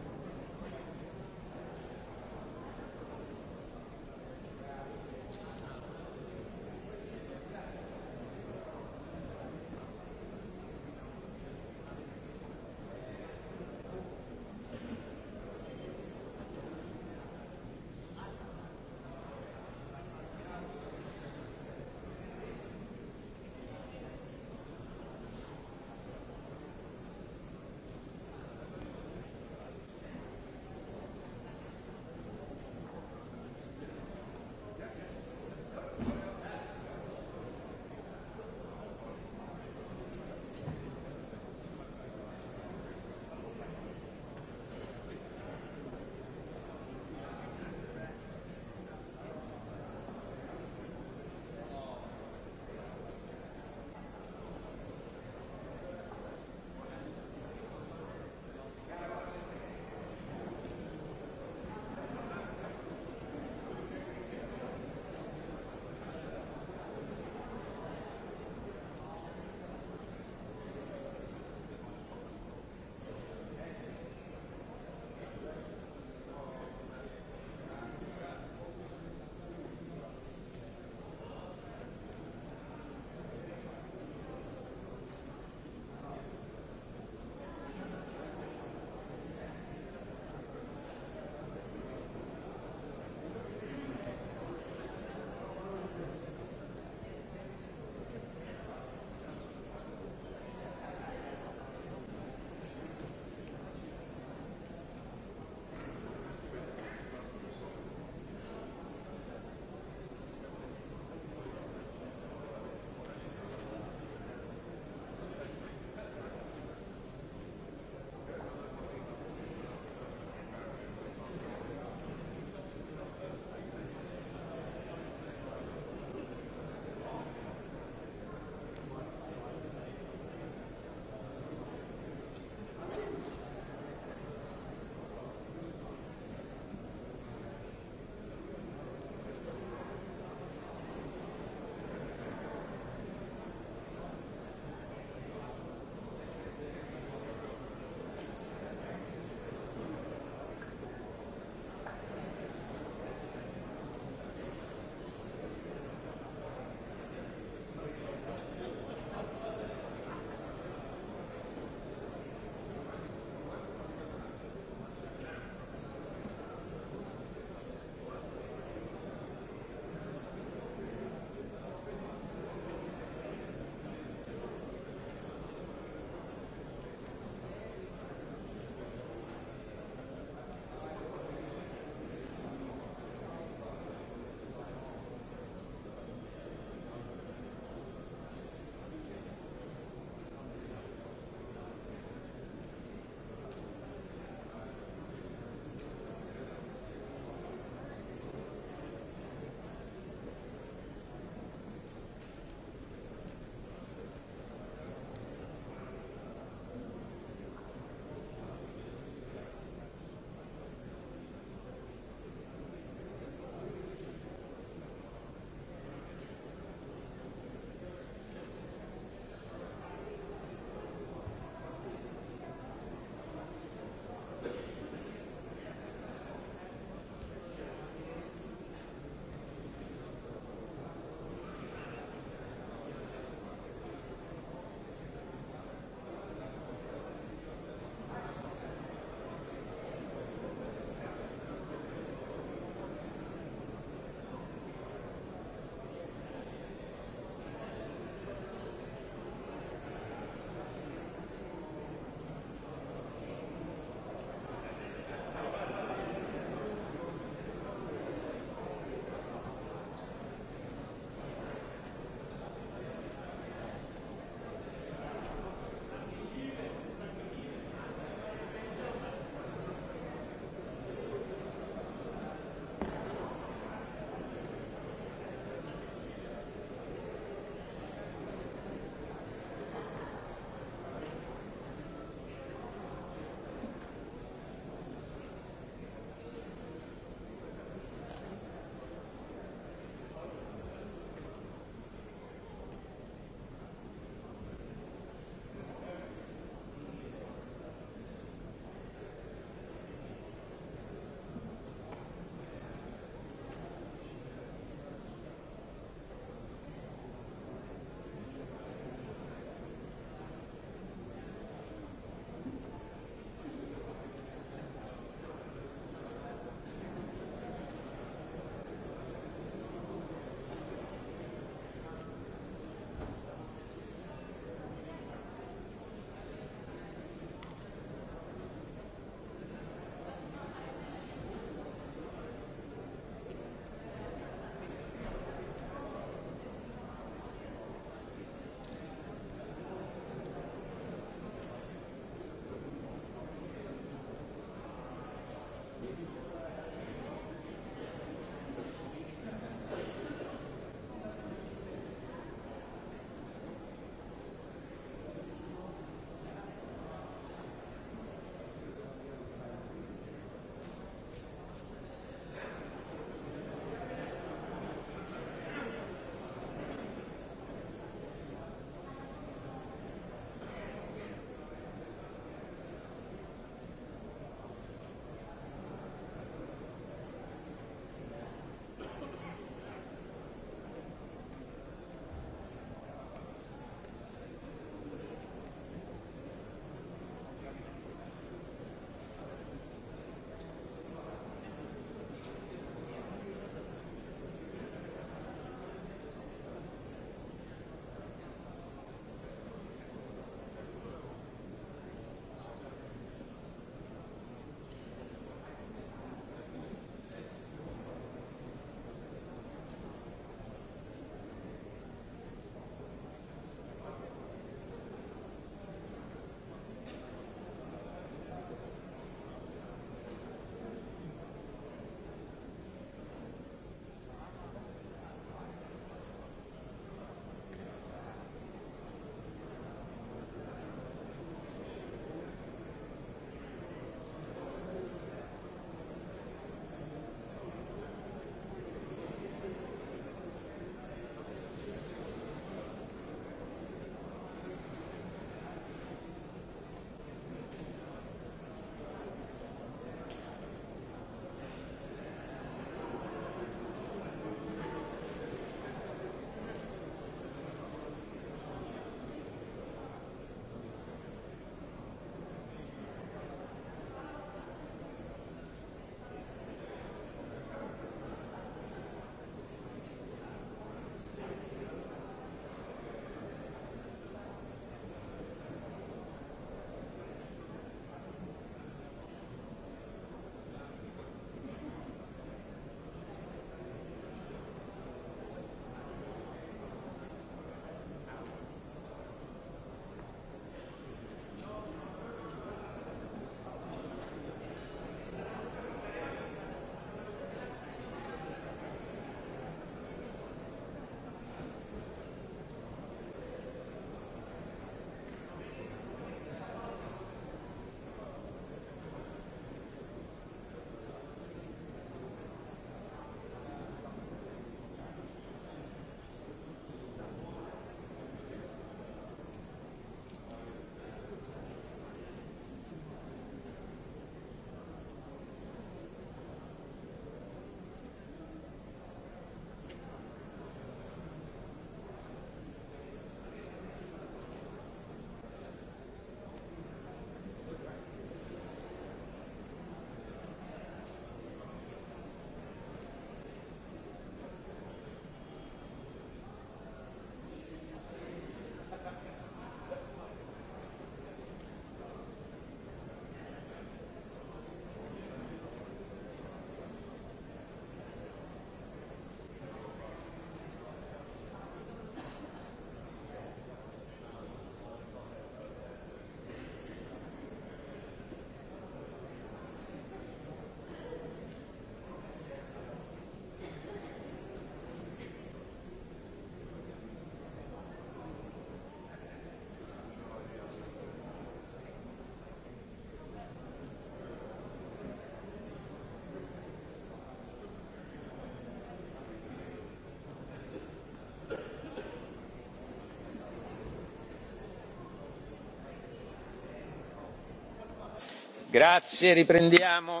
Grazie, riprendiamo.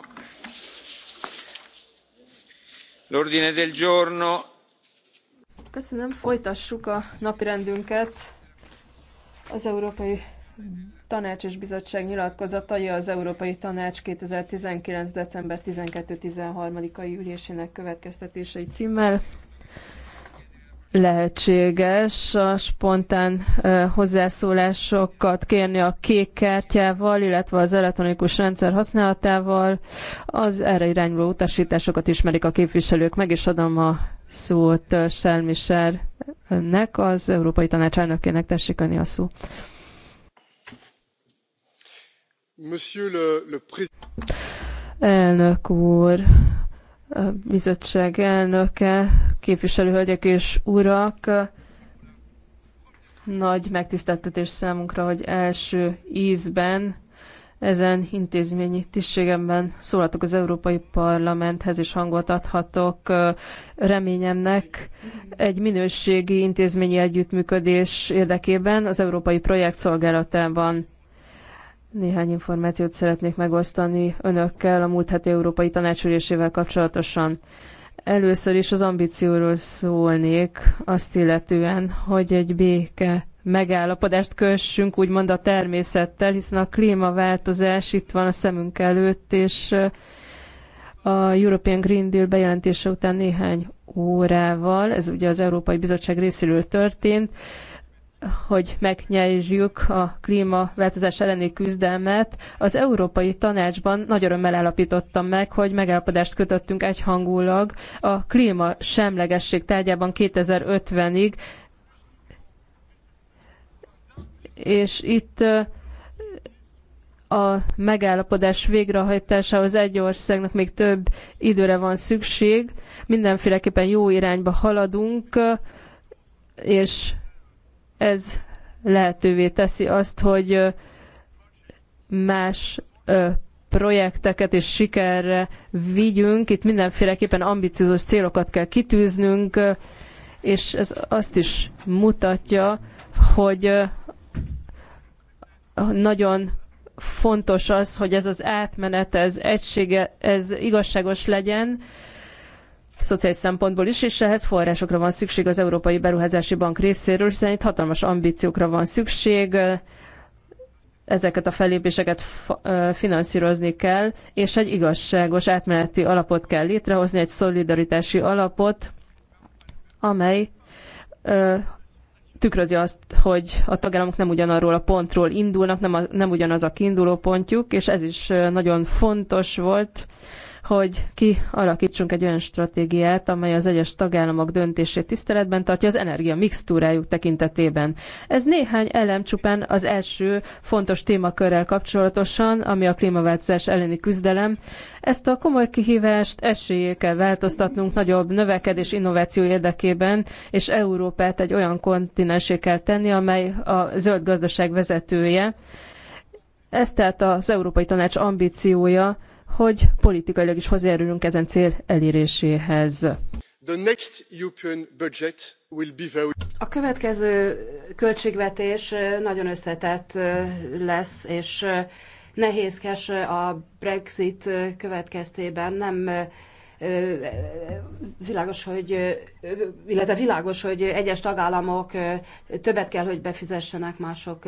L'ordine del giorno. Köszönöm, folytassuk a napirendünket. Az Európai Tanács és Bizottság nyilatkozatai az Európai Tanács 2019. december 12-13-ai ülésének következtetései címmel lehetséges a spontán hozzászólásokat kérni a kék kártyával, illetve az elektronikus rendszer használatával. Az erre irányuló utasításokat ismerik a képviselők. Meg is adom a szót Selmisernek, az Európai Tanács elnökének. Tessék önni a szó. Monsieur le, le Elnök úr, bizottság elnöke, képviselőhölgyek és urak, nagy megtiszteltetés számunkra, hogy első ízben ezen intézményi tisztségemben szólatok az Európai Parlamenthez, és hangot adhatok reményemnek egy minőségi intézményi együttműködés érdekében az európai projekt szolgálatában. Néhány információt szeretnék megosztani önökkel a múlt heti Európai Tanácsülésével kapcsolatosan. Először is az ambícióról szólnék, azt illetően, hogy egy béke megállapodást kössünk, úgymond a természettel, hiszen a klímaváltozás itt van a szemünk előtt, és a European Green Deal bejelentése után néhány órával, ez ugye az Európai Bizottság részéről történt, hogy megnyerjük a klímaváltozás elleni küzdelmet. Az Európai Tanácsban nagy örömmel állapítottam meg, hogy megállapodást kötöttünk egyhangulag a klíma semlegesség tárgyában 2050-ig, és itt a megállapodás végrehajtásához egy országnak még több időre van szükség. Mindenféleképpen jó irányba haladunk, és ez lehetővé teszi azt, hogy más projekteket és sikerre vigyünk. Itt mindenféleképpen ambiciózus célokat kell kitűznünk, és ez azt is mutatja, hogy nagyon fontos az, hogy ez az átmenet, ez egysége, ez igazságos legyen, szociális szempontból is, és ehhez forrásokra van szükség az Európai Beruházási Bank részéről, hiszen itt hatalmas ambíciókra van szükség, ezeket a fellépéseket finanszírozni kell, és egy igazságos átmeneti alapot kell létrehozni, egy szolidaritási alapot, amely tükrözi azt, hogy a tagállamok nem ugyanarról a pontról indulnak, nem, a, nem ugyanaz a kiinduló pontjuk, és ez is nagyon fontos volt, hogy kialakítsunk egy olyan stratégiát, amely az egyes tagállamok döntését tiszteletben tartja az energia mixtúrájuk tekintetében. Ez néhány elem csupán az első fontos témakörrel kapcsolatosan, ami a klímaváltozás elleni küzdelem. Ezt a komoly kihívást esélyé kell változtatnunk nagyobb növekedés innováció érdekében, és Európát egy olyan kontinensé kell tenni, amely a zöld gazdaság vezetője. Ez tehát az Európai Tanács ambíciója, hogy politikailag is hozzájárulunk ezen cél eléréséhez. A következő költségvetés nagyon összetett lesz, és nehézkes a Brexit következtében. Nem világos, hogy, illetve világos, hogy egyes tagállamok többet kell, hogy befizessenek, mások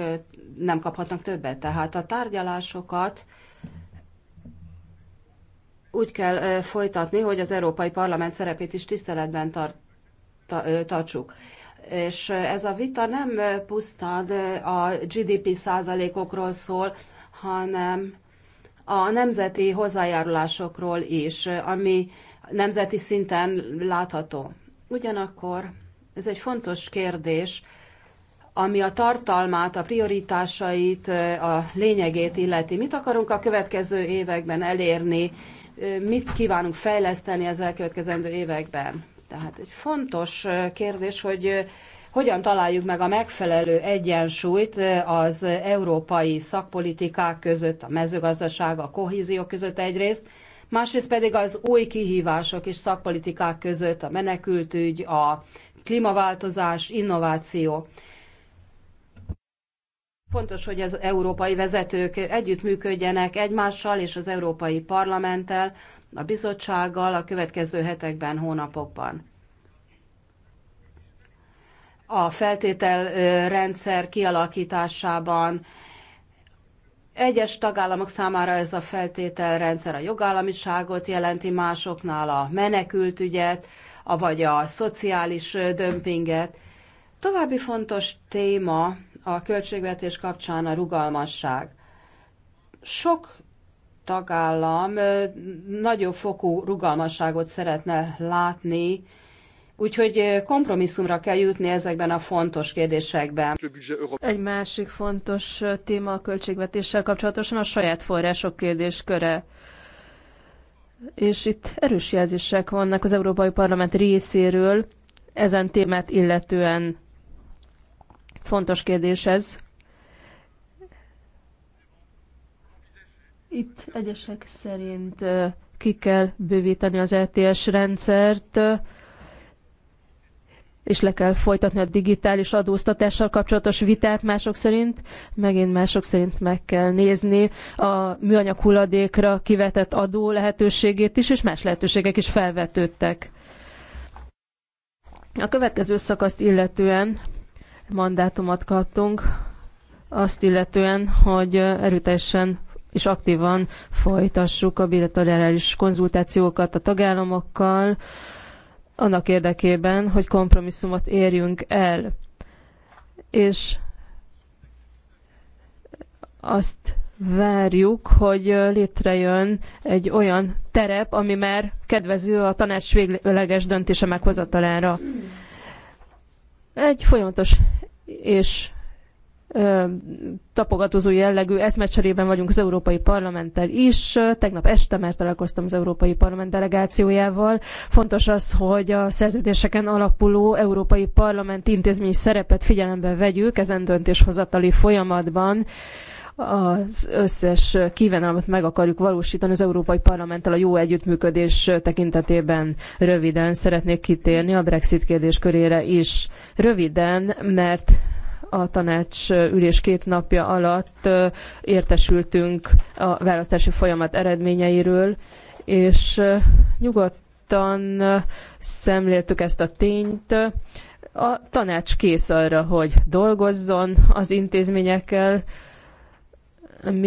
nem kaphatnak többet. Tehát a tárgyalásokat úgy kell folytatni, hogy az Európai Parlament szerepét is tiszteletben tart, tartsuk. És ez a vita nem pusztán a GDP százalékokról szól, hanem a nemzeti hozzájárulásokról is, ami nemzeti szinten látható. Ugyanakkor ez egy fontos kérdés, ami a tartalmát, a prioritásait, a lényegét illeti. Mit akarunk a következő években elérni mit kívánunk fejleszteni az elkövetkezendő években. Tehát egy fontos kérdés, hogy hogyan találjuk meg a megfelelő egyensúlyt az európai szakpolitikák között, a mezőgazdaság, a kohézió között egyrészt, másrészt pedig az új kihívások és szakpolitikák között, a menekültügy, a klímaváltozás, innováció. Fontos, hogy az európai vezetők együttműködjenek egymással és az Európai Parlamenttel, a bizottsággal a következő hetekben, hónapokban. A feltételrendszer kialakításában egyes tagállamok számára ez a feltételrendszer a jogállamiságot jelenti, másoknál a menekültügyet, vagy a szociális dömpinget. További fontos téma, a költségvetés kapcsán a rugalmasság. Sok tagállam nagyobb fokú rugalmasságot szeretne látni, úgyhogy kompromisszumra kell jutni ezekben a fontos kérdésekben. Egy másik fontos téma a költségvetéssel kapcsolatosan a saját források kérdésköre. És itt erős jelzések vannak az Európai Parlament részéről ezen témát illetően. Fontos kérdés ez. Itt egyesek szerint ki kell bővíteni az LTS e rendszert, és le kell folytatni a digitális adóztatással kapcsolatos vitát mások szerint, megint mások szerint meg kell nézni a műanyag hulladékra kivetett adó lehetőségét is, és más lehetőségek is felvetődtek. A következő szakaszt illetően mandátumot kaptunk, azt illetően, hogy erőteljesen és aktívan folytassuk a bilaterális konzultációkat a tagállamokkal, annak érdekében, hogy kompromisszumot érjünk el. És azt várjuk, hogy létrejön egy olyan terep, ami már kedvező a tanács végleges döntése meghozatalára. Egy folyamatos és tapogatózó jellegű eszmecserében vagyunk az Európai Parlamenttel is. Tegnap este már találkoztam az Európai Parlament delegációjával. Fontos az, hogy a szerződéseken alapuló Európai Parlament intézmény szerepet figyelembe vegyük ezen döntéshozatali folyamatban az összes kívánalmat meg akarjuk valósítani az Európai Parlamenttel a jó együttműködés tekintetében. Röviden szeretnék kitérni a Brexit kérdés körére is. Röviden, mert a tanács ülés két napja alatt értesültünk a választási folyamat eredményeiről, és nyugodtan szemléltük ezt a tényt. A tanács kész arra, hogy dolgozzon az intézményekkel, mi